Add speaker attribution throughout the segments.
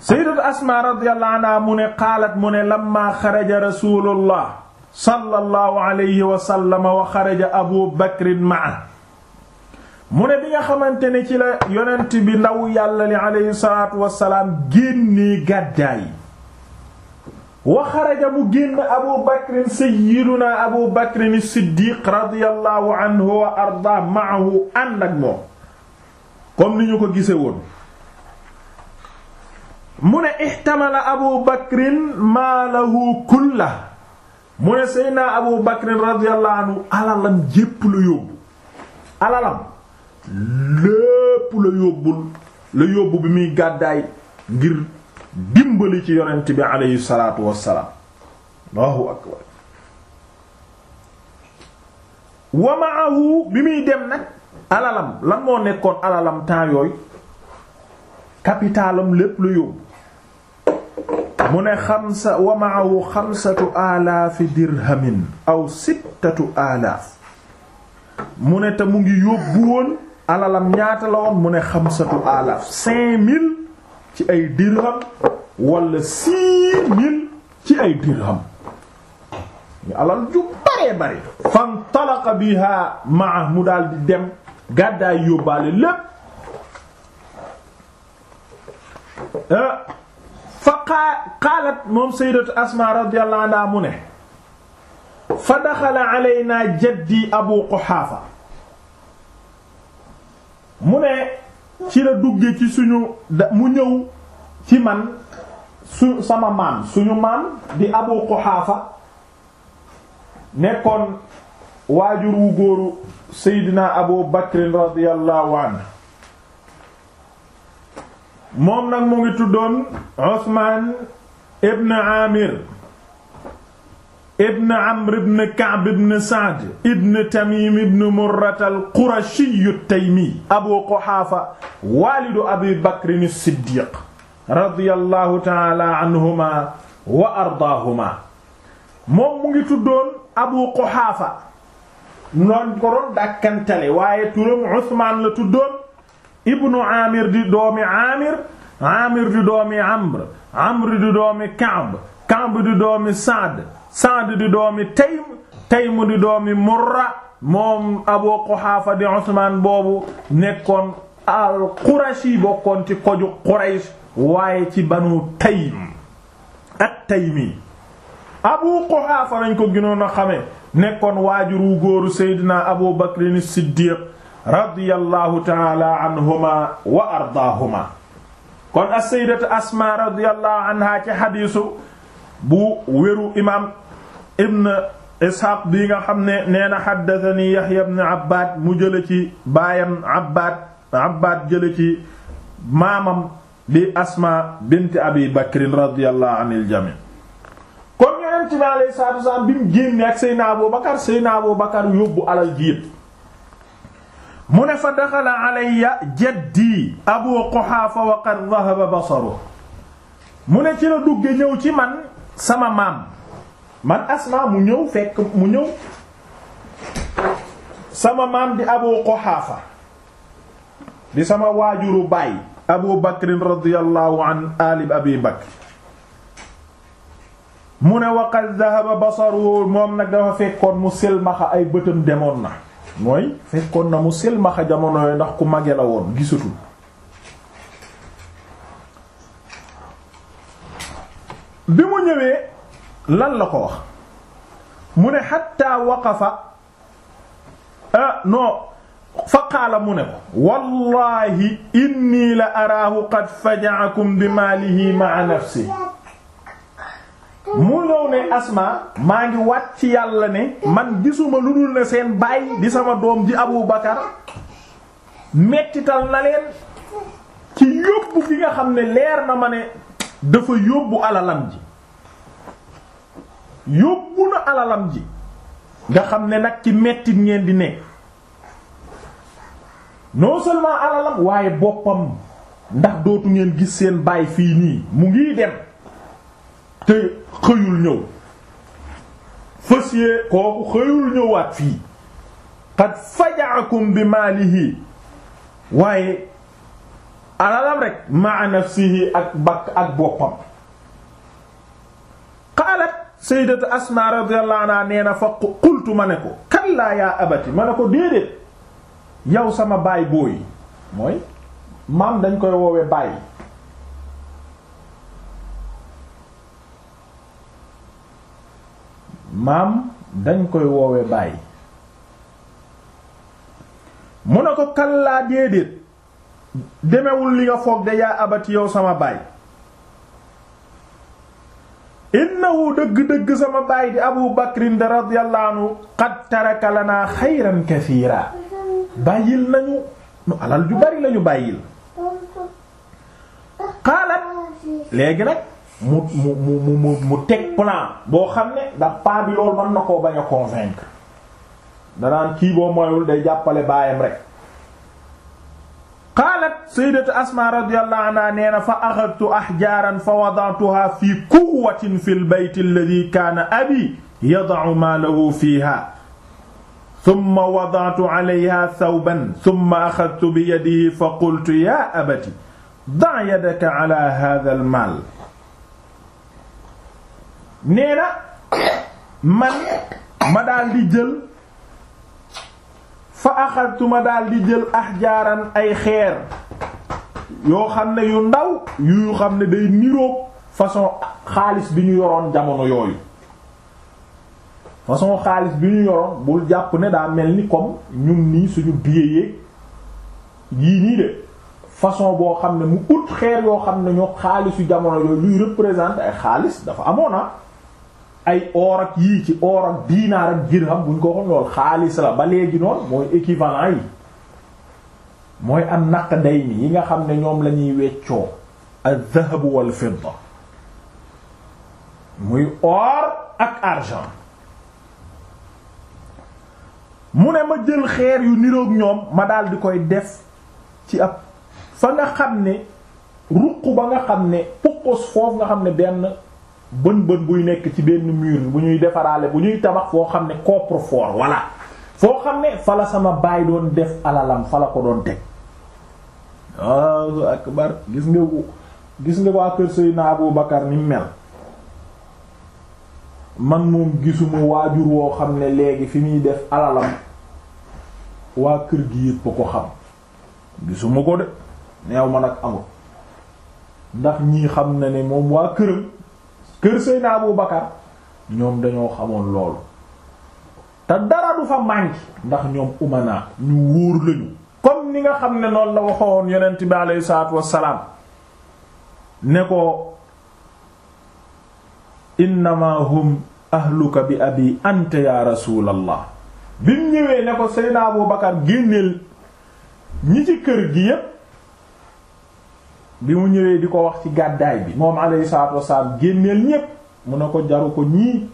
Speaker 1: sayyidatu asma radiyallahu anha mu ne qaalat mu ne lamma xaraja rasulullah sallallahu alayhi wa sallam wa xaraja abu bakrin ma'a mu ne bi nga xamante ne ci la yonent bi naw yàlla li alayhi salaatu wasalaam génnee gàddaay wa xaraja mu génn abu bakrin sayyiduna abu bakrin siddiq radiyallahu anhu wa arda ma'ahu ànd ak moom comme ni ñu ko gise woon mu ne ixtamala abu bakrin maalahu kulla mu ne seydna abu bakrin radiyallahu alalam jépp la yóbbu alalam lépp la yóbbul la yóbbu bi muy gàddaay ngir dimbali ci yonent bi aleyhi salaatu wassalaam bi muy dem nag alalam lan moo nekkoon alalam temps yooyu lépp la yóbbu mu ne xamsa wa maahu xamsatu alaafi dirhamin aw sittatu alaaf mu ne te mu ngi yóbbu woon alalam ñaata la mu ne xamsatu alaaf cinq mille ci ay dirham wala six mille ci ay dirham alal ju baree bari fantalaqa biha maa mu daal di dem gàddaay yóbbaale lépp eh? fa qaalat moom sayyidatu asma radiyallahu anha mu ne fa daxala alaynaa jaddi abu quxaafa mu ne ci la dugge ci suñu mu ñëw ci man su sama maam suñu maam di abu quxaafa nekkoon waajur wu góoru seydina abu bakrin radiyallahu anhu moom nag mu ngi tuddoon Usmaan ibn Aamir ibn Amr ibn Ka'b ibn Sa'd ibn Tamim ibn Murra al-Qurashi at-Taymi Abu Quhaafa waalidu Abi Bakr as-Siddiq radiyallahu ta'ala anhuma wa ardaahuma moom mu ngi tuddoon Abu Quhaafa noon ko doon dàkkantale waaye turam Usmaan la tuddoon ibnu amir di doomi amir amir di doomi amr amr di doomi kamb kamb di doomi saad saad di doomi taym taym di doomi murra moom abu quhaafa di usman boobu nekkoon al qurashi bokkoon ci koju quraysh waaye ci banu taym ak taymi abu quhaafa lañ ko gënoon a nekkoon waajur góoru seydina abu bakrin siddiq radiyallahu taala anhuma wa ardaahuma kon as-sayyidatu asma radiyallahu anha ci xadiisu bu wéru imaam ibn isxaaq bi nga xam ne nee na xaddatani yaxya ibn abbaad mu jële ci baayam abbaad abbaad jële ci maamam bi asma bint abi bakrin radiyallahu anil jami kon yonent bi alayhi salaatu wa salaam bi mu génne ak seyna abu bakar seyna abu bakar yóbbu alal jiit mu ne fa daxala alayya jaddi abu quxaafa wa qad dhahaba basaru mu ne ci la dugge ñëw ci man sama maam man asmaa mu ñëw fekk mu ñëw sama maam di abu quxaafa di sama waajuru baay abu bakrin radiyallahu an abi bakr mu ne wa qad dhahaba basaru moom nag dafa fekkoon mu silmaxa ay bëtam demoon na mooy fekkoon na mu silmaxa jamono yooyu ndax ku mage la woon gisatul bi mu ñëwee lan la ko wax mu ne xatta waqafa ah fa qaala mu ne ko wallahi inni la araahu qad faja'akum bi maalihi ma'a nafsihi mu ñëw ne asma maa ngi wàcc ci yàlla ne man gisuma lu dul ne seen baay di sama doom ji Abu Bakar mettital na leen ci yóbbu gi nga xam ne leer na ma ne dafa yóbbu alalam ji yóbbu na alalam ji nga xam ne nag ci mettit ngeen di nekk non seulement alalam waaye boppam ndax dootu ngeen gis seen baay fii nii mu ngi dem te xëyul ñëw fas yee kooku xëyul ñëwaat fii qad faja'akum bi maalihi waaye alalam rek ma'a nafsihi ak bakk ak boppam qaalat sayyidatu asma radiyallahu anha nee na fa qultu ma ne ko kallaa yaa abati ma ne ko déedéet yow sama baay booy mooy maam dañ koy woowe baay maam dañ koy woowe bàyyi mu ne ko kallaa déedéet demewul li nga foog de yaa abati yow sama baay innahu dëgg-dëgg sama baay di abu bakrin de radiyallahu anhu qad taraka lana xayran bàyyil nañu nu alal ju bari lañu bàyyil xaalat léegi nag mu mu mu mu mu teg plan boo xam ne ndax paa bi loolu mën na koo bañ a convaincre danaan kii boo moyul day jàppale baayam rek qaalat sayyidatu asma radiyallahu anha nee na fa axadtu ahjaaran fa wada'tuha fi kuwatin fi al-bayt alladhi kaana abi yada'u ma lahu fiha thumma wada'tu 'alayha thawban thumma axadtu bi yadihi fa qultu ya abati da' yadaka 'ala hadha al-mal nee na man ma daal di jël fa axadtu ma daal di jël axjaaran ay xeer yoo xam ne yu ndaw yu xam ne day niroog façon xaalis bi ñu yoroon jamono yooyu façon xaalis bi ñu yoroon bul jàpp ne daa mel ni comme ñun nii suñu biyee yii nii de façon boo xam ne mu ut xeer yoo xam ne ñoo xaalisu jamono yooyu luy représenter ay xaalis dafa amoon na ah. ay or ak yii ci or ak diinaar ak dirham buñ ko waxoon lool xaalis la ba léegi noonu mooy équivalent yi mooy am naq day ni yi nga xam ne ñoom lañuy ñuy weccoo az-zahab wal muy or ak argent mu ne ma jël xeer yu niroog ñoom ma dal di koy def ci ab fa nga xam ne ruq ba nga xam ne puqus foofu nga xam ne benn bën bën buy nekk ci benn mur bu ñuy defaraale bu ñuy tabax foo xam ne coffre-fort voilà foo xam ne fala sama baay doon def alalam fala ko doon teg waaw akbar gis nga gis nga waa kër Seydina bu Bakar ni mel man moom gisuma waajur woo xam ne léegi fi muy def alalam waa kër gi yëpp ko xam gisuma ko de neew ma nag amul ndax ñii xam na ne moom waa këram kër Seydina Abu Bakar ñoom dañoo xamoon loolu te dara du fa manqué ndax ñoom umana ñu wóor lañu comme ni nga xam ne noonu la waxoon yonent bi aleyhi salaatu wassalaam ne ko innama hum ahluka bi abi anta ya rasulallah bi mu ñëwee ne ko Seydina Abu Bakar génneel ñi ci kër gi yépp bi mu ñëwee di ko wax ci gàddaay bi moom alayhi salaatu wasalaam génneel ñépp mu ne ko jaru ko ñii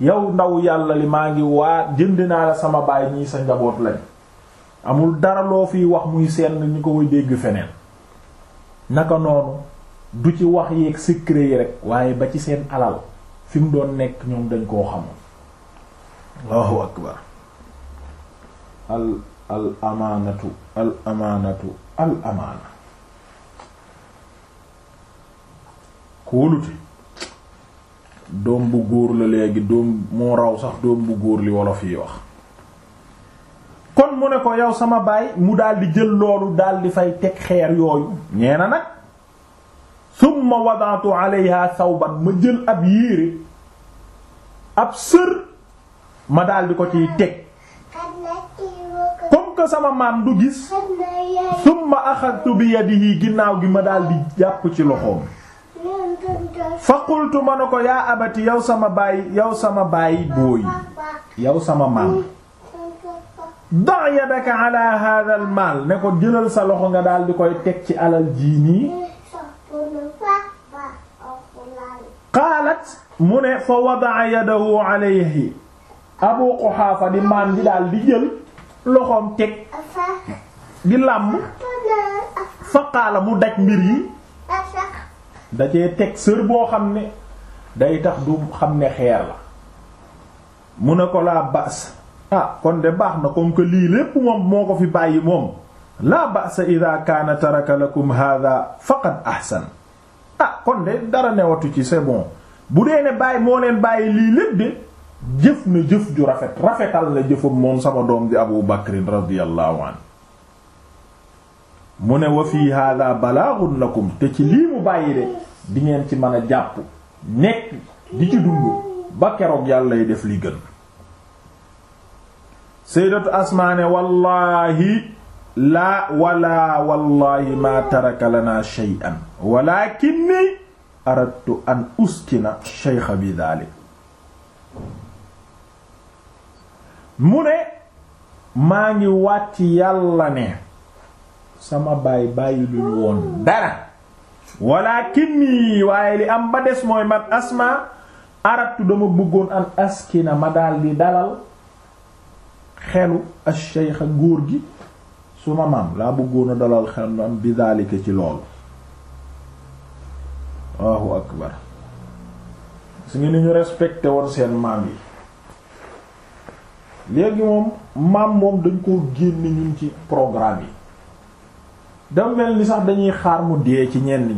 Speaker 1: yow ndaw yàlla li maa ngi waa jënd naa la sama baay ñii sa njaboot lañ amul dara loo fiy wax muy seen ñu ko koy dégg feneen naka noonu du ci wax yeeg secret yi rek waaye ba ci seen alal fi mu doon nekk ñoom dañ koo xamoon allahu akbar al al amaanatu al amaanatu al amaana kóolute doom bu góor la léegi doom moo raw sax doom bu góor li wolof yi wax kon mu ne ko yow sama baay mu daldi jël loolu daldi fay teg xeer yooyu ñee na nag summa wadaatu alayha sawban ma jël ab yéere ab sër ma daldi di ko ciy teg comme que sama maam du gis summa axadtu bi yadihi ginnaaw gi ma daldi di jàpp ci loxoom fa qultu ma ko yaa abati yow sama baay yow sama baay booy yow sama maam da' yadaka ala hadha al ne ko jëlal sa loxo nga daal di koy teg ci alal jii nii qaalat mu ne fa wada'a yadahu alayhi abu quhafa di maan di daal jël loxoom teg di làmm fa qaala daj mbir yi da cee teg sër boo xam ne day tax du xam ne xeer la mu ne ko laa baas a ah kon de baax na comme que lii lépp moom moo ko fi bàyyi moom laa baasa ida kaana taraka lakum hada faqad ahsan ah kon de dara newatu ci c'est bu dee ne bàyyi moo leen bàyyi lii lépp de jëf na jëf ju rafet rafetal na jëfam moom sama doom di Abu Bakr radiyallahu anhu mu ne wa fii hada balaagun lakum te ci lii mu bàyyi de di ngeen ci mën jàpp nekk di ci dund ba keroog yàlla lay def li gën sayyidatu asmaa ne wallaahi laa wala wallahi ma taraka lana shay'an walakinni aradtu an uskina shaykha bi dhalik mu ne maa ngi wàcc yàlla ne sama baay bàyyi luñ woon dara walakinni waaye li am ba des mooy man asma aratu dama bëggoon an askina ma daal di dalal xelu ash-shaykh góor gi su ma maam laa bëggoon a dalal xel mu am ci loolu Allahu akbar su ngi ni ñu respecté woon seen maam yi léegi moom maam moom dañ koo génne ñun ci programme yi dama mel ni sax dañuy xaar mu dee ci ñenn ñi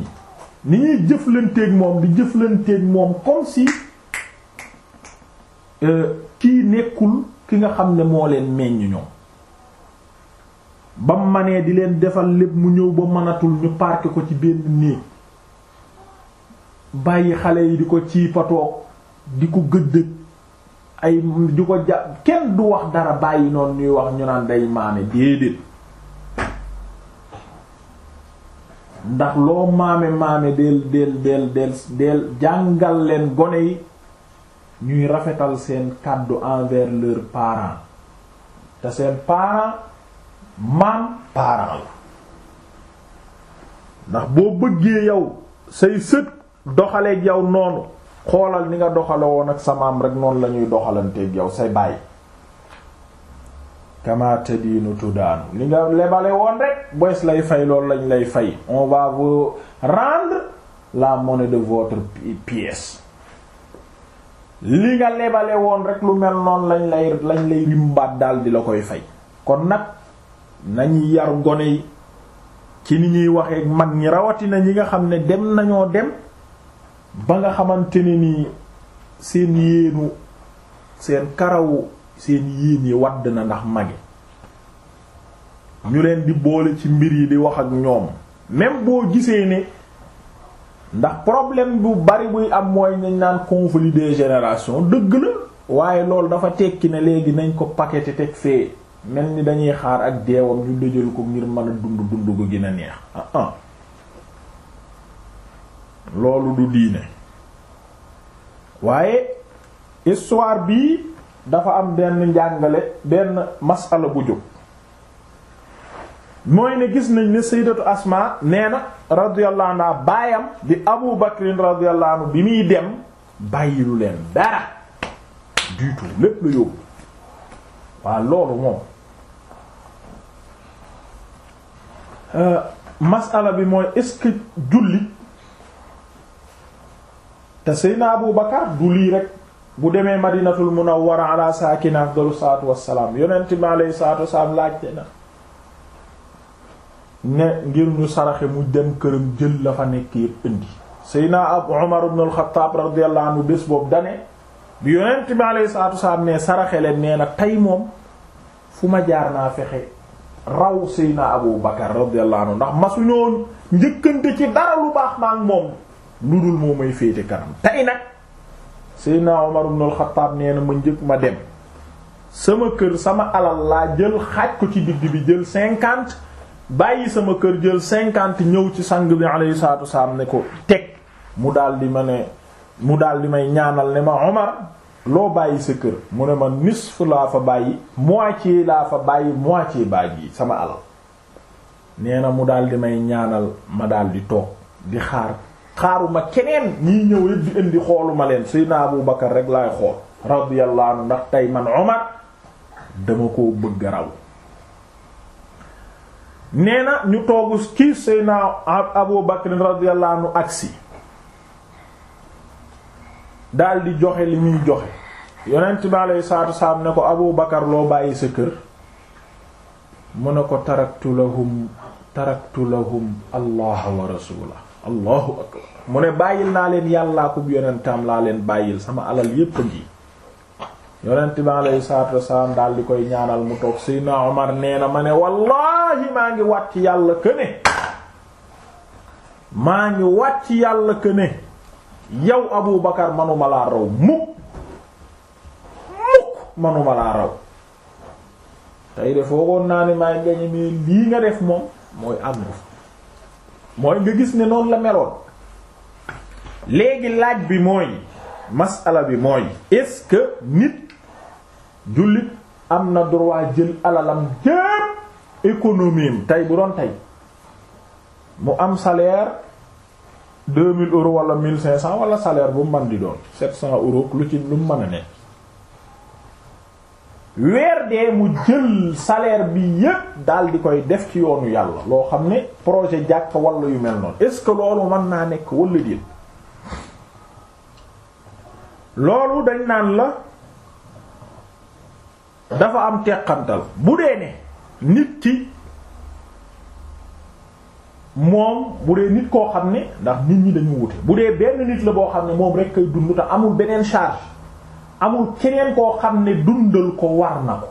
Speaker 1: ni ñuy jëflanteeg moom di jëflanteeg moom comme si euh, kii nekkul ki nga xam ne moo leen meññ ñoom ba manee di leen defal lépp mu ñëw ba mënatul ñu parqué ko ci benn néeg bàyyi xale yi di ko ciipatoog di ko gëddëg ay di ko jàpp kenn du wax dara bàyyi noonu ñuy wax ñu naan day maame déedéet ndax loo maame maame del del del del del jàngal leen gone yi ñuy rafetal seen kàddu envers leurs parents te seen parent maam parent la ndax boo bëggee yow say sët doxaleeg yow noonu xoolal ni nga doxale woon ak sa maam rek noonu la ñuy doxalanteeg yow say bàyyi kamatadiinu tuddaanu li nga lebale woon rek boys lay fay loolu lañ lay fay on va vous rendre la mone de votre pièce li nga lebale woon rek lu mel noonu lañ lay lañ lay rimbaat daal di la koy fay kon nag nañu yar gone yi ci ni ñuy waxee mag ñi rawatina ñi nga xam ne dem nañoo dem ba nga xamante ne nii seen yéenu seen karawu seen yiin yi wadd na ndax mage ñu leen di boole ci mbir yi di wax ak ñoom même boo gisee ne ndax problème bu bari buy am mooy nañ naan conflit des générations dëgg la waaye loolu dafa tekki na léegi nañ ko paqueté teg fee mel ni dañuy xaar ak deewam ñu dëjal ko ngir mën a dund dund gu gën neex ah ah loolu du diine waaye histoire bii dafa am benn njàngale benn masala bu jóg mooy ne gis nañ ni sayyidatu asma nee na radiyallahu anha baayam di abu bakrin radiyallahu anhu bi muy dem bàyyilu leen dara du tout lépp la yóbbu waaw loolu moom euh, masala bi mooy est-ce que julli te seyna abu bakar du lii bu demee madinatul munawwara ala saakina afdalu salaatu wassalaam yonent bi alayhi salaatu wassalaam laajte na ne ngir ñu saraxe mu dem këram jël la fa nekk yépp indi ab Umar ibn al-Khattab radiyallahu boobu dane bi yonent bi alayhi salaatu ne saraxe leen nee na tey moom fu ma jaar naa fexe raw Seydina Abu Bakar radiyallahu anhu ndax masuñoo njëkkante ci dara lu baax ma ak moom lu dul moo may féete kanam tey nag Seydina Omar ibn al-Khattab nee na ma njëg ma dem sama kër sama alal laa jël xaaj ko ci digg bi jël cinquante bàyyi sama kër jël cinquante ñëw ci sang bi alayhi salaatu wasalaam ne ko teg mu dal di ma ne mu dal di may ñaanal ne ma Omar loo bàyyi sa kër mu ne ma nisf laa fa bàyyi moitié laa fa bàyyi moitié bàyyi sama alal nee na mu daal di may ñaanal ma daal di toog di xaar. xaaruma keneen ñii ñëw yëpp di indi xooluma leen Seydina Abu Bakar rek laay xool radiyallahu ndax tey man Omar dama koo bëgg raw nee na ñu toogu kii Seydina Abu Bakar radiyallahu anhu agsi daal di joxe li muy joxe yonent bi alayhi salaatu salaam ne ko Abu Bakar loo bàyyi sa kër mu ne ko taraktu lahum taraktu Allah wa rasulahu allahu akbar mu ne bàyyil naa leen yàllaa ko yonentam laa leen bàyyil sama alal yépp a ngi yonent bi alayhi salaatu wasalaam daal di koy ñaanal mu toog Seydina Omar nee na ma ne wallaahi maa ngi ci yàlla këne maa ngi wat ci yàlla këne yow Abu Bakar manuma laa raw mukk mukk manuma laa raw tey de foogoon naa ne maay lii nga def moom mooy am mooy nga gis ne noonu la meloon léegi laaj bi mooy masala bi mooy est-ce que nit jullit am na droit jël alalam jëpp économie tey bu doon tey mu am salaire deux mille euros wala mille cinq cents wala salaire bu man di doon sept cents euros lu ci lu mu mën a weer de mu jël salaire bi yépp daal di koy def ci yoonu yàlla loo xam ne projet jàkk walla yu mel noonu est-ce que loolu mën naa nekk walla loolu dañ naan la dafa am teqantal bu dee ne nit ki moom bu dee nit koo xam ne ndax nit ñi dañu wute bu dee benn nit la boo xam ne moom rek kay dund te amul beneen charge amul keneen koo xam ne dundal ko war na ko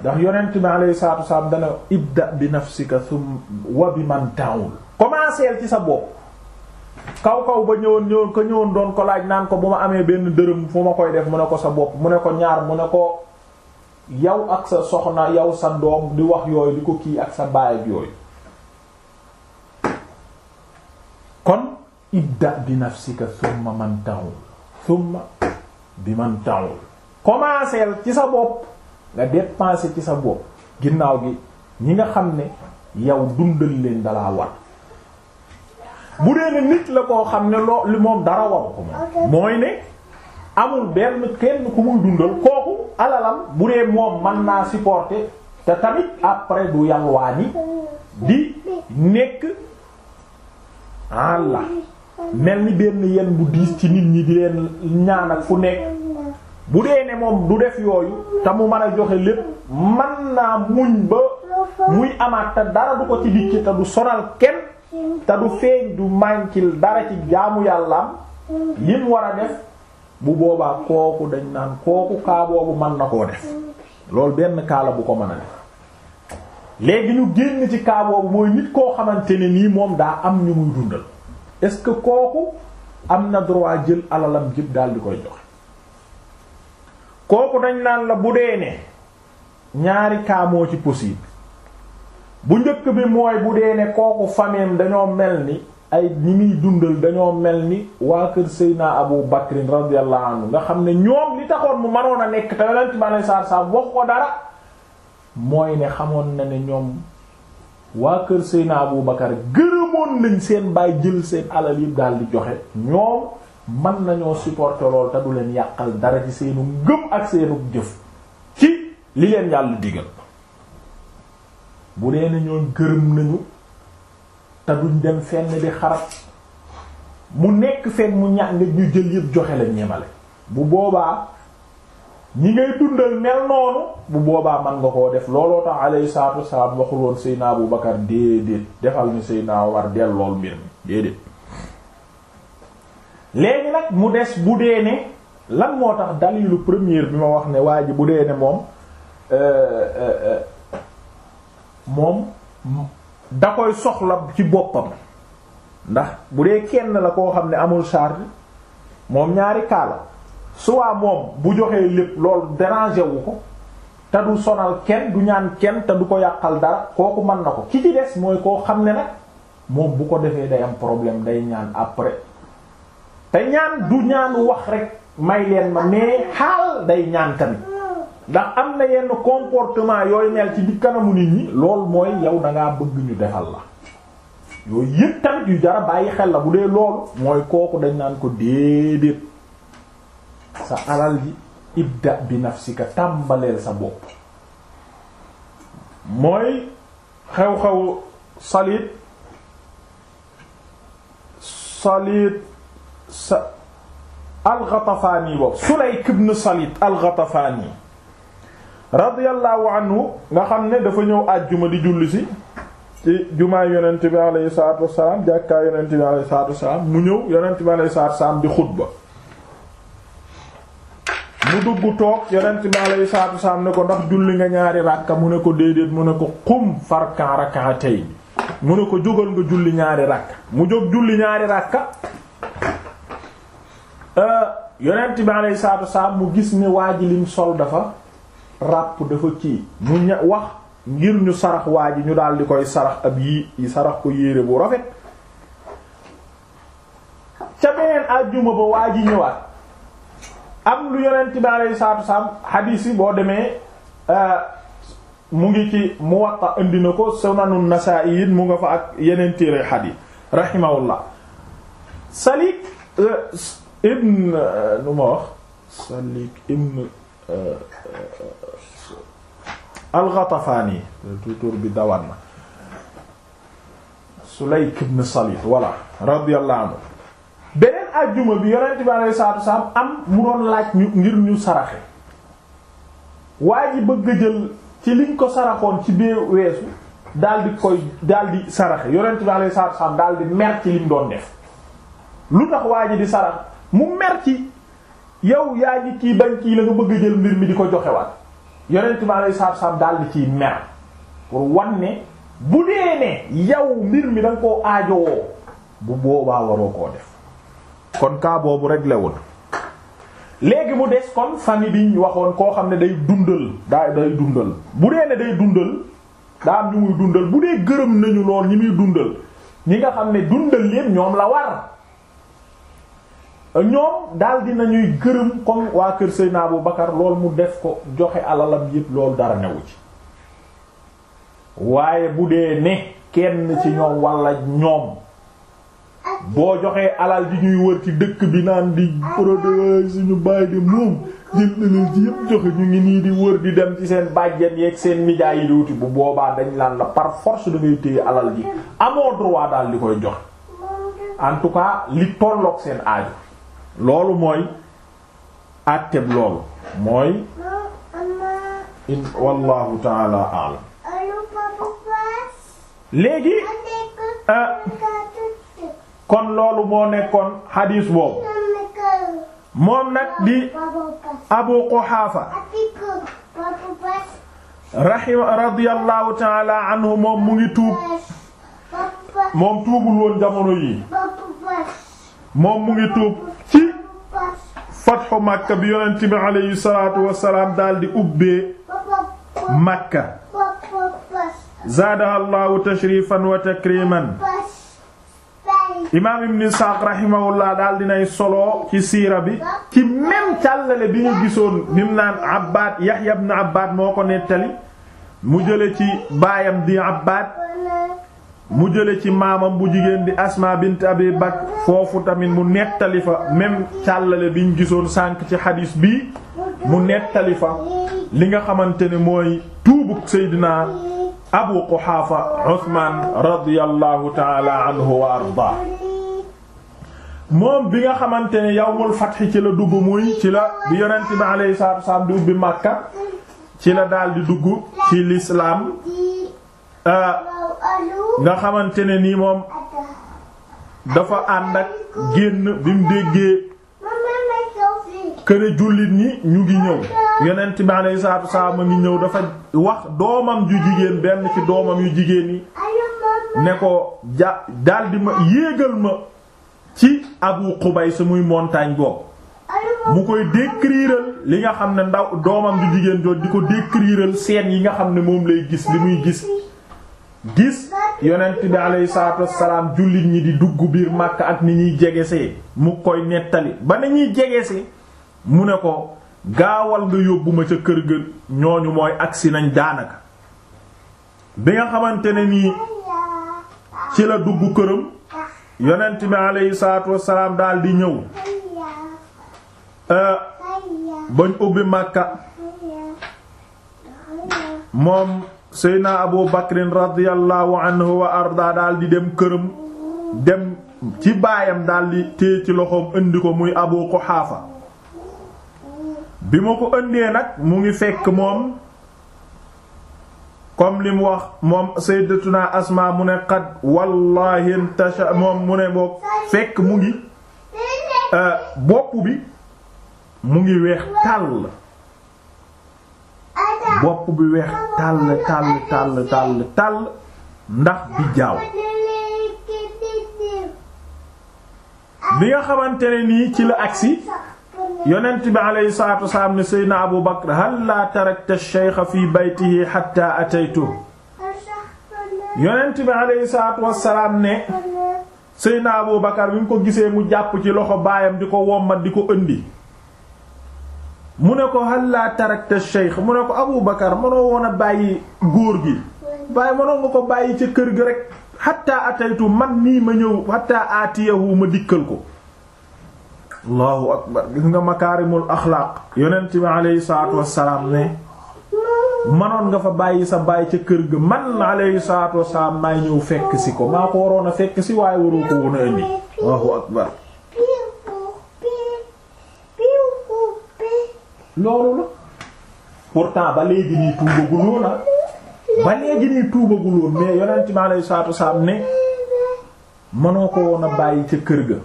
Speaker 1: ndax yonent bi alayhi salaatu wasalaam dana ibda bi nafsika thumma wa bi ci sa bopp kaw kaw ñëwoon ñëwoon ñëwoon doon ko laaj naan ko bu ma amee benn dërëm fu ma koy def mu ne ko sa bopp mu ne ñaar mu ko yow ak yow sa doom di wax yooyu di ko kii ak sa baay yooyu kon ibda bi nafsika thumma bi man taawul commenceel ci sa bopp nga dépenser ci sa bopp ginnaaw gi ñi nga xam ne yow dundal leen dalaa war bu dee ne nit la koo xam ne loo li moom dara waru ko moom mooy ne amul benn kenn ku muy dundal kooku alalam bu dee moom mën naa supporter te tamit après du yalwaani mm. di nekk àlla mel ni benn yenn bu diis ci nit ñi di leen ñaanal fu nekk bu dee ne moom du def yooyu te mu mën a joxe lépp man naa muñ ba muy amaat te dara du ko ci dikki te du sonal kenn te du feeñ du mànkil dara ci jaamu yàllaam yim war a def bu boobaa kooku dañ naan kooku kaa boobu na koo def loolu benn kaala bu ko mën a def léegi ñu génn ci kaa mooy nit koo xamante ne nii moom daa am ñu muy dundal est-ce que kooku am na droit jël alalam jib daal di koy joxe kooku dañ naan la bu dee ne ñaari cas moo ci possible bu njëkk bi mooy bu dee ne kooku famille dañoo mel ni ay ñi muy dundal dañoo mel ni waa kër Seydina Abu Bakrin radiyallahu anhu nga xam ne ñoom li taxoon mu mënoon a nekk te yonent bi alei saatu salaam wax ko dara mooy ne xamoon na ne ñoom waa kër Seydina Abu Bakar gërëm gëmoon nañ seen bàyyi jël seen alal yi daal di joxe ñoom man nañoo supporter lool te du leen yàqal dara ci seenu ngëm ak seenu jëf ci li leen yàlla digal bu dee ne gërëm nañu te duñ dem fenn di xarab mu nekk fenn mu ñàkk ñu jël yëpp joxe leen ñemale bu boobaa ñi ngay dundal mel noonu bu boobaa man nga koo def looloo tax alayhi salaatu wasalaam waxul woon Seydina Abu Bakar déedéet defal ni Seydina war del lool mbir mi déedéet léegi nag mu des bu dee ne lan moo tax dalilu première bi ma wax ne waa ji bu dee ne moom euh, euh, euh, moom da koy soxla ci boppam ndax bu dee kenn la koo xam ne amul charge moom ñaari kaala soit moom bu joxee lépp loolu déranger wu ko te du sonal kenn du ñaan kenn te du ko yàqal dara kooku mën na ko ki ci des mooy koo xam ne nag moom bu ko defee day am problème day ñaan après te ñaan du ñaanu wax rek may leen ma mais xaal day ñaan tamit ndax am na yenn comportement yooyu mel ci di kanamu nit ñi loolu mooy yow da ngaa bëgg ñu defal la yooyu yëpp tamit yu jara bàyyi xel la bu dee loolu mooy kooku dañ naan ko déedéet sa alal ji ibda bi nafsika tàmbaleel sa bopp mooy xew-xewu saliit saliit sa alxatafaani boobu sulayk ibn saliit alxatafaani radiyallahu anhu nga xam ne dafa ñëw àjjuma di julli si ci jumaay yonent bi alayhi salaatu wassalaam jàkkaay yonent bi alayhi salaatu wassalaam mu ñëw yonent bi alayhi salaatu wassalaam di xutba mu dugg toog yonent bi alayhi salaatu wasalaam ne ko ndax julli nga ñaari ràkka mu ne ko déedéet mu ne ko xum farkan rak'atayn mu ne ko jógal nga julli ñaari ràkka mu jóg julli ñaari ràkka euh, yonent bi alayhi salaatu wasalaam mu gis ni waa ji lim sol dafa ràpp dafa kii mu ña wax ngir ñu sarax waa ji ñu daal di koy sarax ab yi sarax ko yéere bu rafet ca beneen àjjuma ba waa ji ñëwaat am lu yonent bi alayhi salaatu wasalaam xadiis yi boo demee euh, mu ngi ci Muwatta indi na ko Sunanu Nasaa'i mu nga fa ak yeneen téere xadiis rahimahullah Salik euh, ibn euh, nu wax Salik ibn al-Ghatafani tutur bi dawaan na Sulayk ibn Salit voilà radiyallahu anhu beneen ajjuma bi yonent bi alayhi salaatu wasalaam am mu doon laaj ngir ñu saraxe waa ji bëgg jël ci liñ ko saraxoon ci bee weesu daldi di koy daal di saraxe yonent bi alayhi salaatu wasalaam daal di mer ci liñ doon def lu tax waa ji di sarax mu mer ci yow yaa ngi kii bañ kii la nga bëgg jël mbir mi di ko joxewaat yonent bi alayhi salaatu wasalaam daal di ciy mer pour wan ne bu dee ne yow mbir mi da koo aajowoo bu boobaa waroo koo def. kon cas boobu réglé wul léegi mu des kon famille bi ñu waxoon koo xam ne day dundal daa day dundal bu dee ne day dundal daa am ñu muy dundal bu dee gërëm nañu lool ñi muy dundal ñi nga xam ne dundal leen ñoom la war ñoom daal nañuy gërëm comme waa kër naa bu Bakar lool mu def ko joxe alalam yépp loolu dara newu ci waaye bu dee ne kenn ci ñoom walla ñoom boo joxee alal ji ñuy wër ci dëkk bi naan di produire suñu baay di moom jël nañu ci yëpp joxe ñu ngi nii di wër di dem ci seen bàjjen yeeg seen nijaay yi di wuti bu boobaa dañ laan la par force da ngay téye alal ji amoo droit daal di koy joxe en tout cas li tolloog seen aaju loolu mooy àtteb loolu mooy in wallahu taala alam léegi. kon loolu moo nekkoon xadiis boobu moom nag di Abu Quhaafa rahima radiyallahu moom mu ngi tuub moom tuubul woon jamono yi moom mu ngi tuub ci fatxu Makka bi yonent bi alayhi salaatu wassalaam daal ubbee Makka zaadaha allahu tashrifan wa takriman imaam ibn Isaaq rahimahullah daal dinay solo ci siira bi ci même càllale bi ñu gisoon bi naan Abbaad Yahya ibn Abbaad moo ko nettali mu jële ci baayam di Abbaad mu jële ci maamam bu jigéen di Asmaa bint Abi Bakr foofu tamit mu nettali fa même càllale bi ñu gisoon sànk ci xadiis bi mu nettali fa li nga xamante ne mooy tuubug Seydina abu quxaafa uthman radiyallahu taala moom bi nga xamante ne yawmul fatxi ci la dugg muy ci la bi yonent bi alayhi salaatu wasalaam di ubbi màkka ci la daal di dugg ci lislaam nga xamante ne nii moom dafa ànd ak génn bi mu déggee këre jullit ñi ñu ngi ñëw yonent bi alayhi salaatu wassalaam a ngi ñëw dafa wax doomam ju jigéen benn ci doomam yu jigéen yi ne ko ja daldi ma yéegal ma ci Abu Qubays muy montagne boobu mu koy décriiral li nga xam ne ndaw doomam ju jigéen jooju di ko décriiral seen yi nga xam ne moom lay gis li muy gis gis yonent bi alayhi salaatu wassalaam jullit ñi di dugg biir Makka ak ni ñuy jegesee mu koy nettali ba ni ñuy jegesee mu ne ko gaawal nga yóbbu ma ca kër ga ñooñu mooy agsi nañ daanaka bi nga xamante ne nii ci la dugg këram yonent bi aleyhi salaatu wassalaam ñëw euh, bañ ubbi Makka moom Seydina Abu Bakrin radiyallahu anhu wa arda daal dem këram dem ci baayam daldi di téye ci loxoom indi ko muy Abu Quhaafa bi ma ko ëndee nag mu ngi fekk moom comme li wax moom sayyidatuna asma mu ne qad wallahi intasha moom mu ne boog fekk mu ngi euh, bopp bi mu ngi weex tàll bopp bi weex tàll tàll tàll tàll ndax bi jaaw bi nga xamante ne nii ci la agsi yonent bi alayhi salaatu wasalaam ne Seydina Abu Bakr hal laa tarakta shaykha fi baytihi hatta ataytu yonent bi alayhi salaatu wasalaam ne sëy Abu Bakr bi mu ko gisee mu jàpp ci loxo baayam di ko wommat di ko ëndi mu ne ko hal laa tarakta mu ne ko Abu Bakr mënoo woon a bàyyi góor gi waaye mënoo nga ko bàyyi ci kër gi rek hatta ataytu man nii ma ñëw hatta aatiyahu ma dikkal ko allahu gis nga makaarimul axlaaq yonent bi aleyhi salaatu wassalaam ne manoon nga fa bàyyi sa bàyyi ca kër ga man aleyhi salaatu wassalaam maay ñëw fekk si ko waroon a fekk si waaye waroo ko woon a indi loolu la pourtant ba léegi nii tuubaguloon na ba léegi nii tuubaguloon mais yonent bi aleyhi salaatu wassalaam ne manoo ko woon bàyyi ca kër ga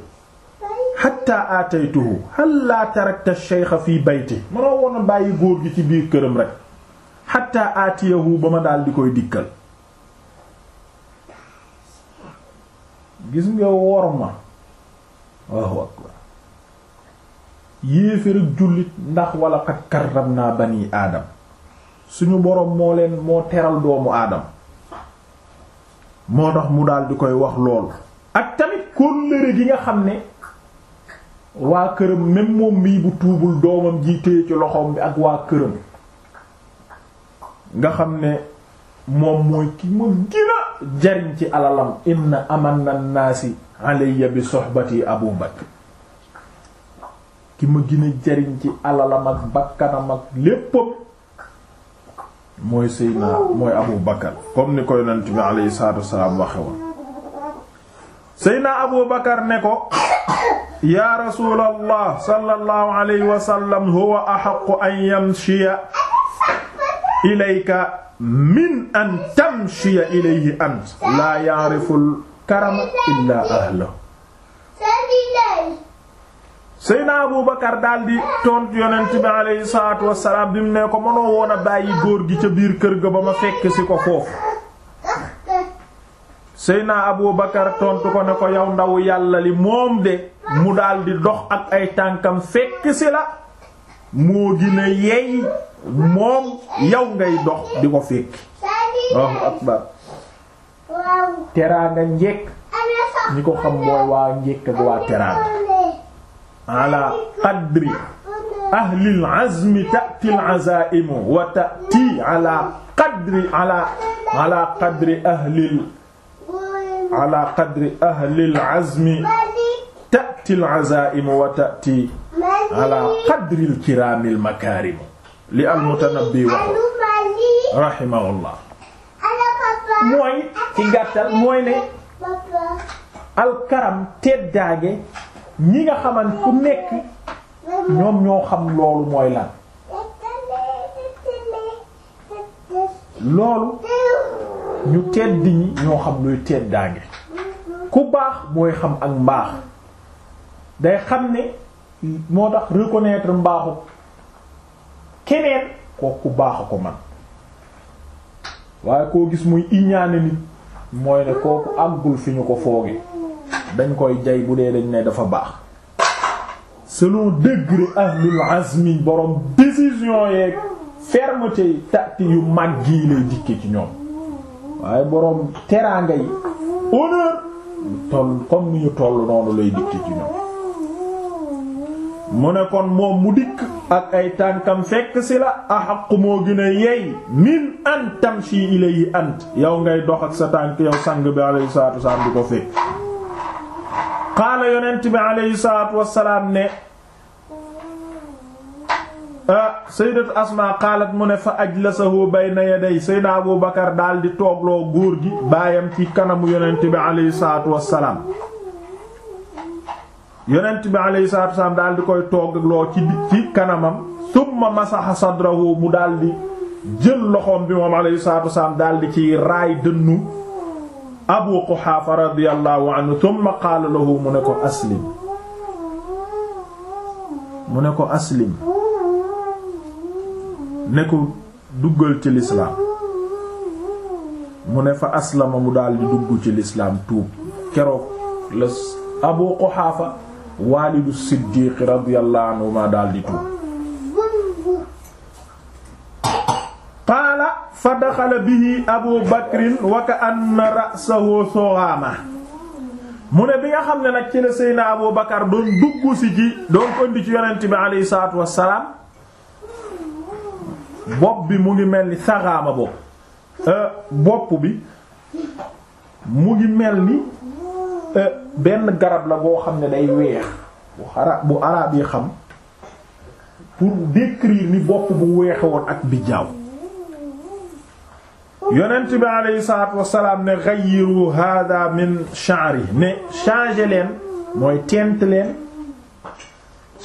Speaker 1: xatta aataytuhu hal laa tarakta shaykha fii bayti mënoo woon a bàyyi góor gi ci biir këram rek xatta aatiyahu ba ma daal di koy dikkal gis nga wor ma waaw akbar yéeféer ak jullit ndax wala qad karramnaa bani aadam suñu boroom moo leen moo teral doomu aadam moo tax mu daal di koy wax lool ak tamit kóllëre gi nga xam ne waa këram même moom mii bu tuubul doomam ji téye ci loxoom bi ak waa këram nga xam ne moom mooy ki ma gën jariñ ci alalam inna amanna naasi bi soxbati abu ki ma gën a jariñ ci alalam ak bakkanam ak lépp mooy Seydina mooy abu bakar comme ni ko yonent bi alayhi salaatu wassalaam waxe woon Seydina ne ko yaa rasuulallah sallallahu alayhi wa sallam huwa ahaqqu an yamshiya ilayka min an tamshiya ilayhi ant laa ya'riful karama illaa ahlahu Seyna Abubakar daal di tontu yonent bi alayhi salaatu wa salaam bi mu ne ko mënoo woon a bàyyi góor gi ca biir kër ga ba ma fekk si ko foofu. Seyna Abu Bakar tontu ko ne ko yow ndaw yàlla li moom de mu daldi dox ak ay tànkam fekk si la moo gën a yey moom yow ngay dox di ko fekk Allahu njekk
Speaker 2: ñi ko xam mooy
Speaker 1: waa njekk ak waa teraanga ahlil azmi ta'ti azaaimu wa ta'ti ala qadri ala ala qadri ahlil ala qadri ahlil azmi ta'til azaa'im wa ta'ti ala qadril kiraamil makaarim li al mutanabbi wax rahimahullah mooy ci gàttal mooy ne alkaram teddaage ñi nga xaman ku nekk ñoom ñoo xam loolu mooy lan loolu ñu tedd ñi ñoo xam luy teddaange ku baax mooy xam ak mbaax day xam ne moo tax reconnaître mbaaxu keneen kooku ku baax a ko man waaye koo gis muy iñaane nit mooy ne kooku àggul fi ñu ko fooge dañ koy jay bu dee dañ ne dafa baax selon degré ahlul azmi borom décision yeeg fermeté tati yu mag yi lay dikke ci ñoom waaye boroom teraanga yi honneur toll comme ni ñu toll noonu lay dikk ci ñoom mu ne kon moom mu dikk ak ay tànkam fekk si la axaqu moo gën a yey min an tamshi ilayhi ant yow ngay dox ak sa tànk yow sang bi alayhi salatu wasalaam di ko fekk qaala yonent bi alayhi salatu wasalaam ne Ah, sayyidat asma qaalat mu ne fa ajlasahu bayna yaday sayyidna abu bakar daldi toogloo góor gi baayam ci kanamu yonent bi alayhi salaatu wassalaam yonent bi alayhi salaatu wassalaam daal di koy toogloo ci ci kanamam summa masaha sadrahu mu daal jël loxoom bi moom alayhi salaatu wassalaam daal di ciy raay dënnu abu quhaafa radiyallahu anhu summa qaala ko aslim mu ne ko aslim ne ko duggal ci lislaam mu ne fa aslama mu daal di dugg ci lislaam tuub keroog la Abu Quhaafa waalidu Siddiq radiyallahu anhu ma daal
Speaker 2: tuub
Speaker 1: qaala fa daxala bihi Abu Bakrin wa ka anna ra'sahu sowaama mu ne bi nga xam ne nag ci la Seydina Abu Bakar doon dugg si ci doon ëndi ci yonent bi alayhi salaatu wassalaam bopp bi mu ngi mel ni saxaama bopp euh, bopp bi mu ngi mel ni euh, benn garab la boo xam ne day weex bu xara bu araab yi xam pour décrire ni bopp bu weexe ak bijaaw yonent bi aleyhi salaatu wasalaam ne xayiru hada min sha'ri ne changer leen mooy tent leen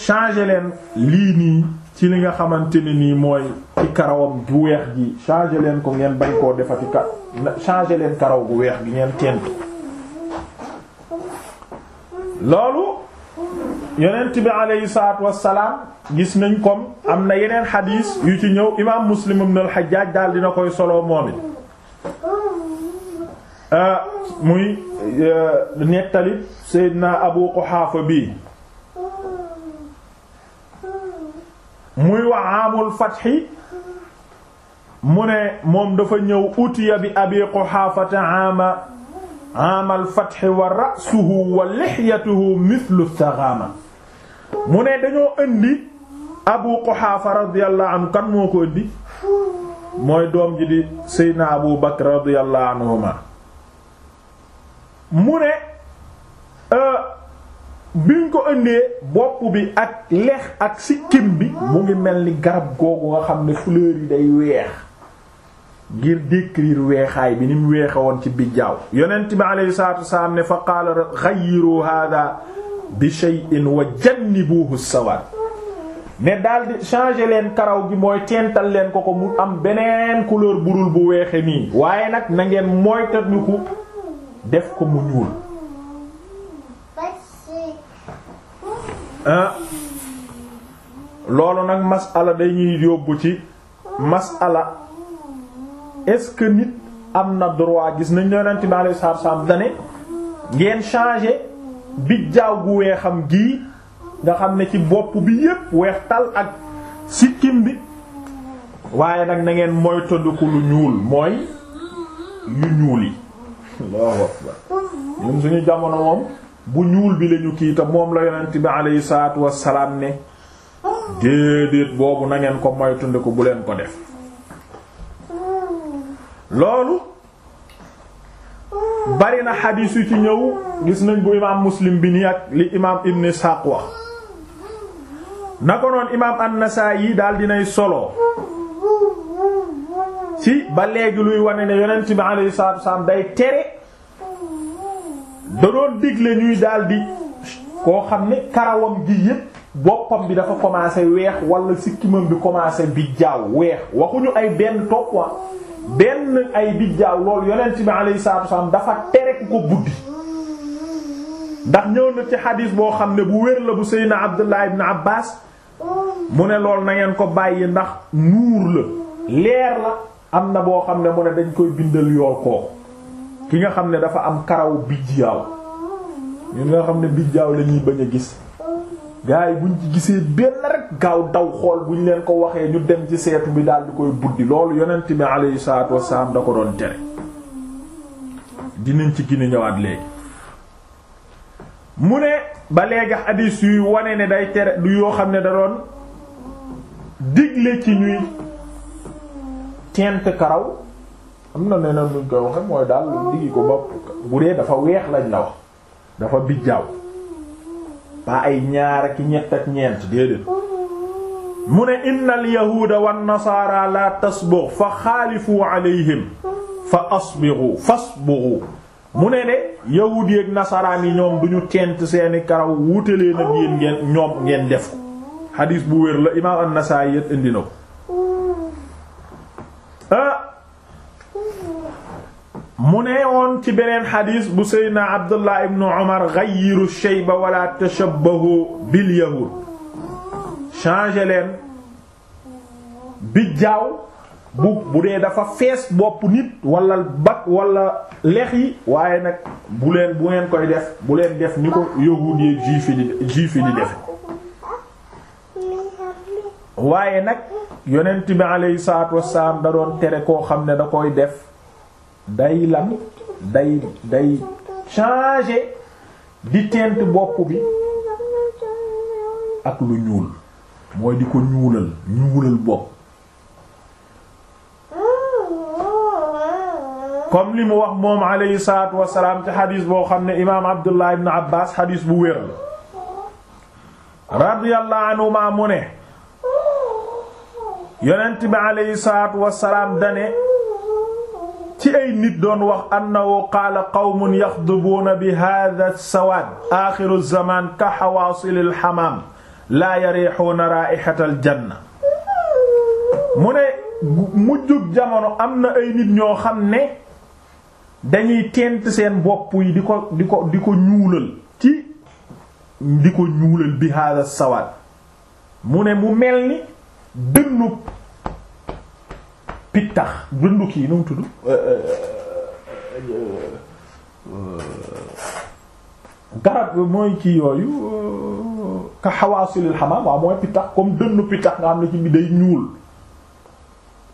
Speaker 1: changer leen lii nii ci li nga xamante ne nii mooy ci karawam bu weex gi changer leen ko ngeen bañ koo defati ka changer leen karaw gu weex gi ngeen tentu loolu yonent bi aleyhi salaatu gis nañ comme am na yeneen xadiis yu ci ñëw imaam muslim ibn al daal dina koy solo moom it euh, muy euh, nettali seydina abu quxaafa bii muy wa aamul fatxi mu ne moom dafa ñëw utiya bi abi quhaafata aama aamal fatxi wa ra'suhu wa lixyatuhu mithlu saxaama mu ne dañoo indi abu quhaafa radiyallahu anhu kan moo ko indi mooy doom ji di seydna abu bakr radiyallahu anhuma mu ne euh, biñ ko indee bopp bi ak lex ak sikkim bi mu ngi mel ni garab googu nga xam ne fleur yi day weex ngir décrire weexaay bi ni mu weexe woon ci bijjaaw yonent bi aleyhi salatu wasalaam ne fa qaala xayiru hada bi shay'in wa jannibuhu sawaad ne daldi changer leen karaw gi mooy tental leen ko ko mu am beneen couleur bu bu weexe nii waaye nag na ngeen moytandiku def ko mu ñuul ah, loolu nag masala dañuy yóbbu ci masala est-ce que nit am na droit gis nañ yonent bi alayhi salaatu salaam dane ngeen changer bijjaaw gu weexam gii nga xam ne ci bopp bi yépp weex tal ak sikkim bi waaye nag na ngeen moytandiku lu ñuul mooy yu ñuul yi Allahu akbar ñun jamono moom bu ñuul bi lañu kii te moom la yonent bi alayhi salaatu wassalaam ne déedéet boobu na ngeen ko moytandiku bu leen ko def loolu bari na xadiis yu ci ñëw gis nañ bu imaam muslim bi nii ak li imaam ibn Ishaq wax na ko noon imaam an-Nasaa'i daal dinay solo si ba léegi luy wane ne yonent bi alayhi salaatu wassalaam day tere da doon digle ñuy daldi koo xam ne karawam gi yépp boppam bi dafa commencé weex walla sikkimam bi commencé bi jaaw weex waxuñu ay benn topp benn ay bijjaaw loolu yonent bi alayhi salaatu dafa tere ku ko buddi ndax ñëw na ci xadiis boo xam ne bu wér la bu Seydina Abdullah ibn Abbas mu ne loolu na ngeen ko bàyyi ndax nuur la leer la am na boo xam ne mu ne dañ koy bindal yool koo ki nga xam ne dafa am karaw bijjaaw ñun nga xam ne bijjaaw la ñuy a gis gars yi buñ ci gisee benn rek gaaw daw xool buñ leen ko waxee ñu dem ci seetu bi daal di koy buddi loolu yonent bi alayhi salaatu wasalaam da ko doon tere dinañ ci gën a ñëwaat léegi mu ne ba léegi hadis yuy wane ne day tere du yoo xam ne da doon digle ci ñuy teent karaw am na neneen luñ koy waxe mooy daal digi ko ba bu dee dafa weex lañ la wax dafa bijjaaw ba ay ñaar ak ñett ak ñeent déedéet mu ne innal yahuuda wan nasaara la tasbugh fa xaalifu alayhim fa asbighu fasbughu mu ne de yahuud nasaraan yi ñoom duñu tent seeni karaw wuutelee nag yéen ngeen ñoom ngeen def ko xadiis bu wér la imaam an-Nasaa'i indi na ko ah, mu ne woon ci beneen xadis bu seydna abdullah ibnu omar gayyiru shayba wala tashabbahu bil yahud changé leen bijjaaw bu bu dee dafa fees bopp nit walla bak walla lex yi waaye nag bu leen bu ngeen koy def bu leen def ni ko yahud yi juif yi di juif yi di def waaye nag yonent bi aleyhi salaatu wasalaam da doon tere koo xam ne da koy def day lan day day changer di teint bopp bi ak lu ñuul mooy di ko ñuulal ñuulal bopp comme li mu wax moom alayhi salaatu wasalaam ci xadis boo xam ne imaam Abdullah bu wér la radiyallahu anhuma mu ne yonent bi alayhi salaatu wasalaam dane ci ay nit doon wax annahu qaala qawmun yaxdubuuna bi hada sawaad axiru zaman ka xawaasil alxamaam laa yarixuuna raixata aljanna mu ne mujjug jamono am na ay nit ñoo xam ne dañuy tent seen bopp yi di ko di ko di ko ñuulal ci di ko ñuulal bi hada sawaad mu ne mu mel ni dënnub pittax dundu kii nu mu tudd euh, euh, euh, garab mooy kii yooyu ka xawaasilil xamaam waaw mooy pittax comme dënnu pittax nga xam ne ci bi day ñuul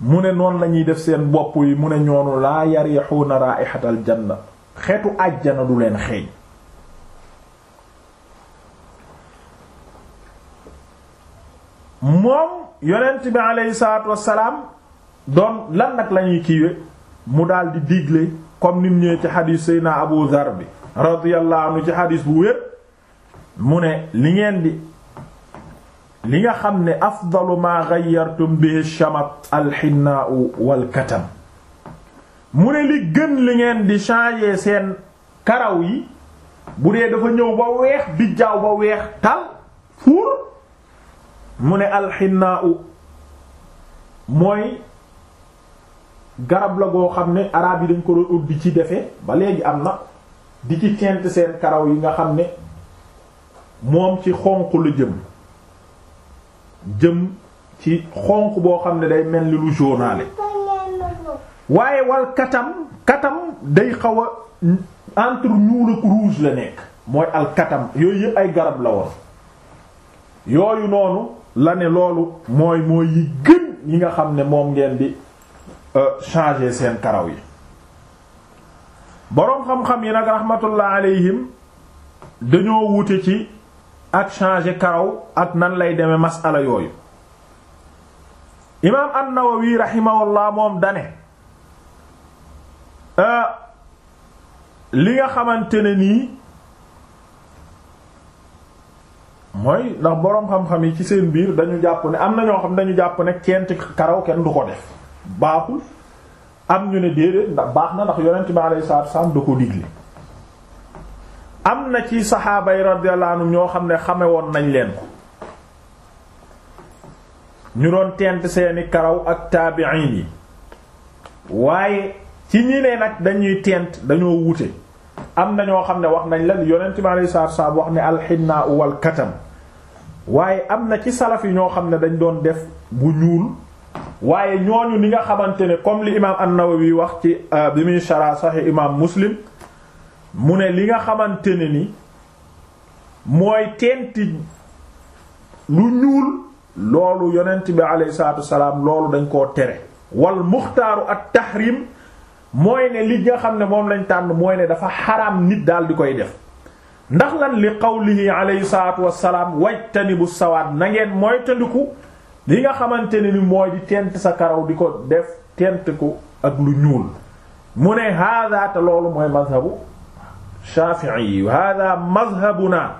Speaker 1: mu ne noonu lañuy def seen bopp yi mu ne ñoonu laa yarixuuna raaihatal janna xeetu àjjana du leen xeeñ moom yonent bi aleyhi salaatu doon lan nag lañuy kiiwe mu daldi digle comme nim ñëwee ci xadiis Seydina Abu Dhar bi ci xadiis bu wér mu ne li ngeen di li nga xam ni afdalu ma gayyartum bihi shamat alxinnaau walkatam mu ne li gën li ngeen di changer seen karaw yi bu dee dafa ñëw ba weex bijjaaw ba weex tal fuur mu ne alxinnaau mooy garab la goo xam ne arab yi dañ ko doon ubbi ci defee ba léegi am na di ci teint seen karaw yi nga xam ne moom ci xonq la jëm jëm ci xonq boo xam ne day mel ni lu journalé waaye wal katam katam day xaw a entre ñuul ak rouge la nekk mooy katam yooyu yëpp ay garab la woon yooyu noonu la ne loolu mooy mooy yi gën yi nga xam ne moom ngeen di Euh, changer seen karaw yi boroom xam-xam yi nag rahmatullah alayhim dañoo wute ci ak changer karaw ak nan lay demee masala yooyu imaam an-Nawawi rahimahullah moom dane euh, li nga xamante ne nii mooy ndax boroom xam-xam yi ci seen biir dañu jàpp ne am na ñoo xam dañu jàpp ne kent karaw kenn du ko def baaxul am ñu ne déedéet ndax baax na ndax yonent bi alayhi salaatu wasallam du ko digle am na ci saxaaba yi radiyallahu anhum ñoo xam ne xame woon nañ leen ko ñu doon tent seeni karaw ak taabi'in yi waaye ci ñi ne nag dañuy tent dañoo wute am na ñoo xam ne wax nañ leen yonent bi alayhi salaatu wasallam wax ne alxinna wal katam waaye am na ci salaf ñoo xam ne dañ doon def bu ñuul waaye ñooñu ni nga xamante ne comme li imaam an wi wax ci euh, bi muy shara Sahih imaam Muslim mu ne li nga xamante ne ni mooy teenti lu ñuul loolu yonent bi alayhi salaatu wasalaam loolu dañ koo tere wal muxtaaru at tahrim mooy ne li nga xam ne moom lañ tànn mooy ne dafa xaraam nit daal di koy def ndax lan li qawlihi alayhi salaatu wasalaam wajtanibu sawaat na ngeen moytandiku li nga xamante ne ni mooy di tent sa karaw di ko def tent ko ak lu ñuul mu ne hada loolu mooy mazhabu shafi'i yi hada mazhabuna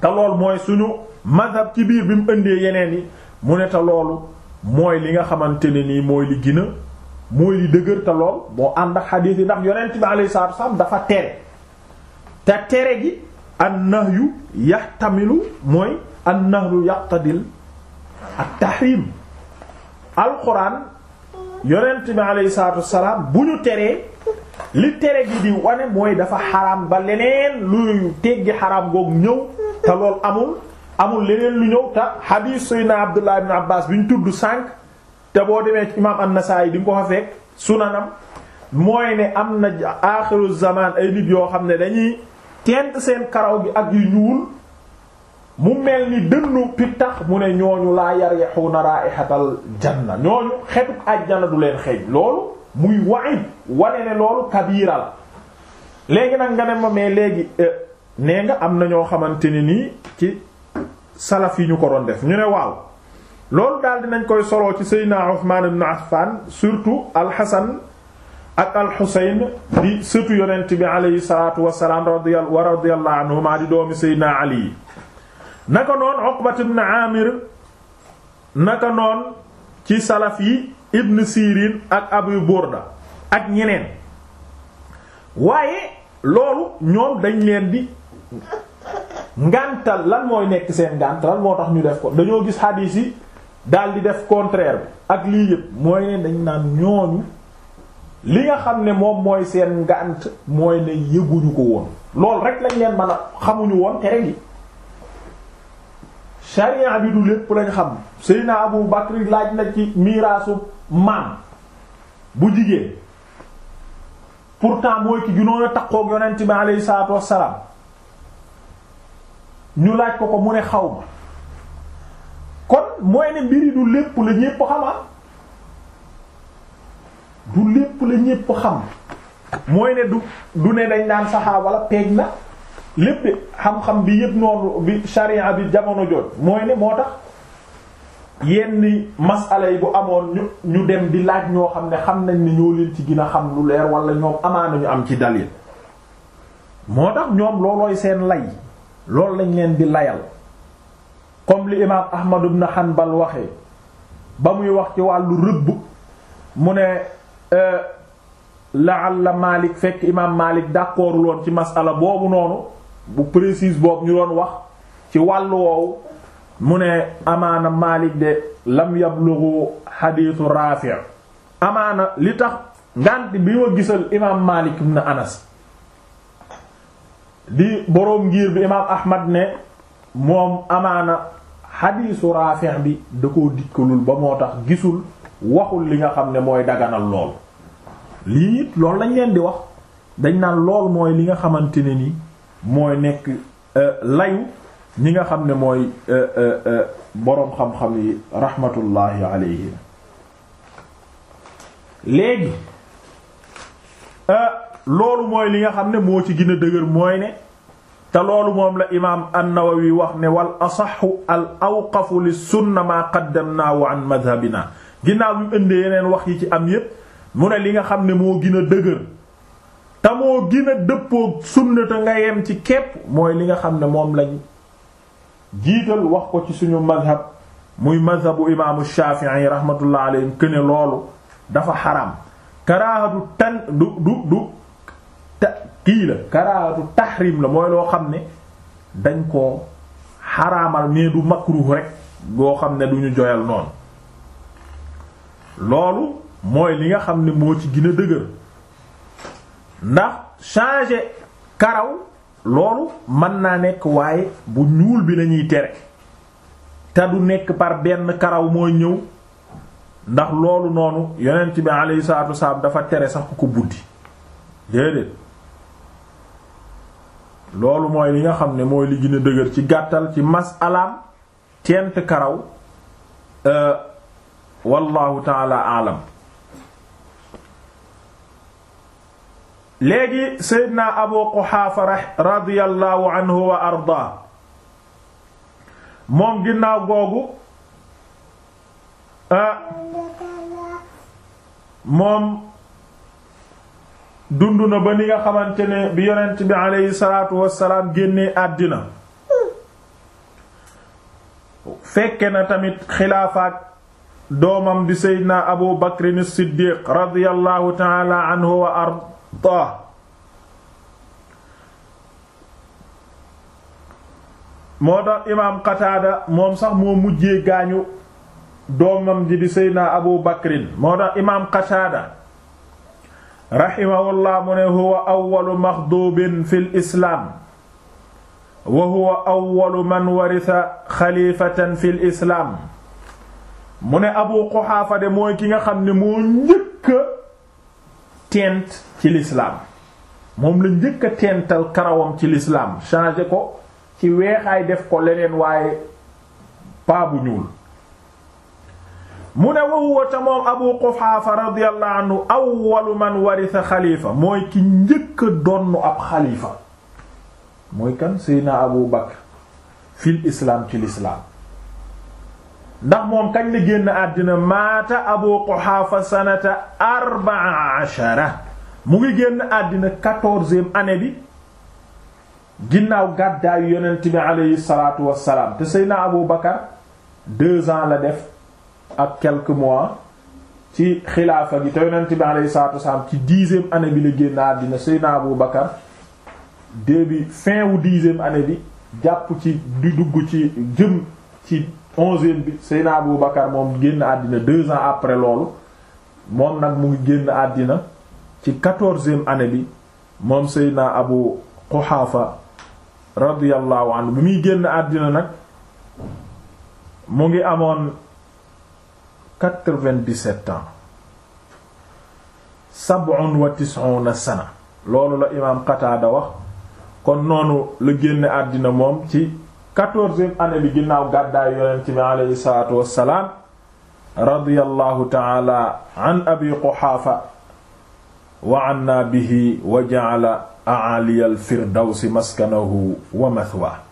Speaker 1: te lool mooy suñu mazhab ci biir bi mu ëndee yeneen yi mu ne te loolu mooy li nga xamante ne nii mooy li gina a mooy li dëgër te lool boo ànd ak xadiis yi ndax yonent bi alayhi salaatu dafa tere te tere gi an nahyu yahtamilu mooy an nahyu yaqtadil ak tahrim alquran yonent bi alayhi salaatu bu ñu teree li tere gi di wane mooy dafa xaraam ba leneen luy teggi xaram googu ñëw te loolu amul amul leneen lu ñëw te hadith sayna Abdullah bi ñu tudd sànk te boo demee ci imaam an-Nasaa'i di nga ko fekk sunanam mooy ne am na aaxiru zamaan ay nit yoo xam ne dañuy tent seen karaw gi ak yu ñuul mu mel ni dënnu pittax mu ne ñooñu laa yaryaxuuna raihatal janna ñooñu xetu àjjana du leen xeeñ loolu muy waid wane ne loolu kabiira léegi nag nga ne ma mais léegi euh, nee nga am na ñoo xamante ne nii ci salafi yi ñu ko doon def ñu ne waaw loolu daal nañ koy soloo ci Seydina Uthman ibn Affan surtout al-Hasan ak al-Husayn di sëtu yonent bi alayhi salatu wasalam wa radiyallahu anhuma di doomi Seydina Ali naka noon Uqbat na Amir naka noon ci salaf yi Ibn Sirin ak Abu Burda ak ñeneen waaye loolu ñoom dañ leen di ngàntal lan mooy nekk seen ngàntal lan moo tax ñu def ko dañoo gis hadith yi daal di def contreer bi ak lii yëpp mooy ne dañ naan ñooñu li nga xam ne moom mooy seen ngànt mooy ne yëguñu ko woon loolu rek lañ leen mën a xamuñu woon tere gi sharia bi du lépp lañ xam Seydina Abu Bakr laaj na ci miraasu maam bu jigéen pourtant mooy ki junoon a takkook yonent bi alayhi salaatu wassalaam ñu laaj ko ko mu ne xaw ma kon mooy ne mbiri du lépp la ñépp xama ah. du lépp la ñépp xam mooy ne du du ne dañ naan saxaaba la peeg na lépp xam-xam bi yëpp noonu bi sharia bi jamono jooj mooy ne moo tax yenn masala yi bu amoon ñu ñu dem di laaj ñoo xam ne xam nañ ni ñoo leen ci gina xam lu leer walla ñoom amaa ñu am ci dalil moo tax ñoom loolooy seen lay loolu lañ leen di layal comme li imaam Ahmad ibn Hanbal waxee ba muy wax ci wàllu rëbb mu ne euh, la'alla Maalik fekk imaam Maalik d'accord loon ci masala boobu noonu bu précise boobu ñu doon wax ci wàllu woowu mu ne amaana Maalik de lam yablughu xadiisu Raafi' amaana li tax ngànt bi ma gisal imaam Maalik ibn Anas di boroom ngiir bi imaam Ahmad ne moom amaana xadiisu Raafi' bi da ko dikkalul ba moo tax gisul waxul li nga xam ne mooy daganal lool lii it loolu lañ leen di wax dañ naan lool mooy li nga xamante ne nii mooy nekk euh, layu ñi nga xam ne mooy euh, euh, boroom xam-xam yi rahmatullahi alayhim léegi loolu mooy li nga xam ne moo ci gën dëgër mooy ne te loolu moom la imaam an-Nawawi wax ne wal asaxu al awqafu li sunna maa naa an madhabina ginnaaw bi mu ëndee yeneen wax yi ci am yépp mu ne li nga xam ne moo gën a dëgër tamoo gina dëppoog sunnata nga yem ci kepp mooy li nga xam ne moom lañ jiital wax ko ci suñu mazhab muy mazhabu imaamu Shafi'i rahmatullah alayhim këne loolu dafa xaram karaahatu tan du du du ta kii la karaahatu tahrim la mooy loo xam ne dañ koo xaraamal mais du makruh rek goo xam ne du joyal noonu loolu mooy li nga xam ne moo ci gën a dëgër ndax changer karaw loolu mën naa nekk waaye bu ñuul bi lañuy tere te du nekk par benn karaw mooy ñëw ndax loolu noonu yonent bi alayhi salaatu wasalaam dafa tere saxu ku ko buddi déedéet loolu mooy li nga xam ne mooy li gën dëgër ci gàttal ci mas alaam tent karaw euh, wallahu taala alam léegi Seydina Abu Quhaafa radiyallahu anhu wa ardaa moom ginnaaw googu ah, moom dund na ba ni nga xamante ne bi yonent bi aleyhi salaatu wassalaam génnee àddina fekke na tamit xilaafaak doomam di Seydina Abu Bakrin Siddiq radiyallahu taala wa ardaa taa moo tax imaam Qataada moom sax moo mujjee gaañu doomam ji di Seydina Abu Bakrin moo tax imaam Qataada rahimahullah mu ne huwa awwalu maxduubin fil islaam wa huwa awwalu man warisa xalifatan fil islaam mu ne Abu Quhaafa de mooy ki nga xam ne moo njëkk teent ci lislaam moom la njëkk a karawam ci lislaam changé ko ci weexaay def ko leneen waaye paa ñuul mu ne wahuwa ta moom abu quxaafa radiyallahu anhu awwalu man warisa xalifa mooy ki njëkk a ab xalifa mooy kan seydna abu bakr fil islaam ci lislaam ndax moom kañ la génn àddina maata Abu Quhaafa sanata arbaa ashara mu ngi génn àddina quatorzième année bi ginnaaw gàddaayu yonent bi aleyhi salaatu wassalaam te Seydina Abu Bakar deux ans la def ak quelques mois ci xilaafa gi te yonent bi aleyhi salaatu wassalaam ci dixième année bi la génn àddina Seydina Abu Bakar début fin wu dixième année bi jàpp ci di dugg ci jëm ci onzième bi Seydina Abu Bakar moom génn àddina deux après loolu moom nag mu ngi génn àddina ci quatorzième année bi moom Seydina Abu Quhafa radiyallahu anhu bi muy génn àddina nag mu ngi amoon quatre-vingt-dix-sept ans sab'un loolu la imaam Qataada wax kon noonu la génn àddina moom ci quatorzième année bi ginnaaw gàddaay yonent bi aleyhi salaatu wassalaam radiyallahu taala an abi quxaafa wa anna bihi wa ja'ala a'ali al-firdawsi maskanahu wa mathwaahu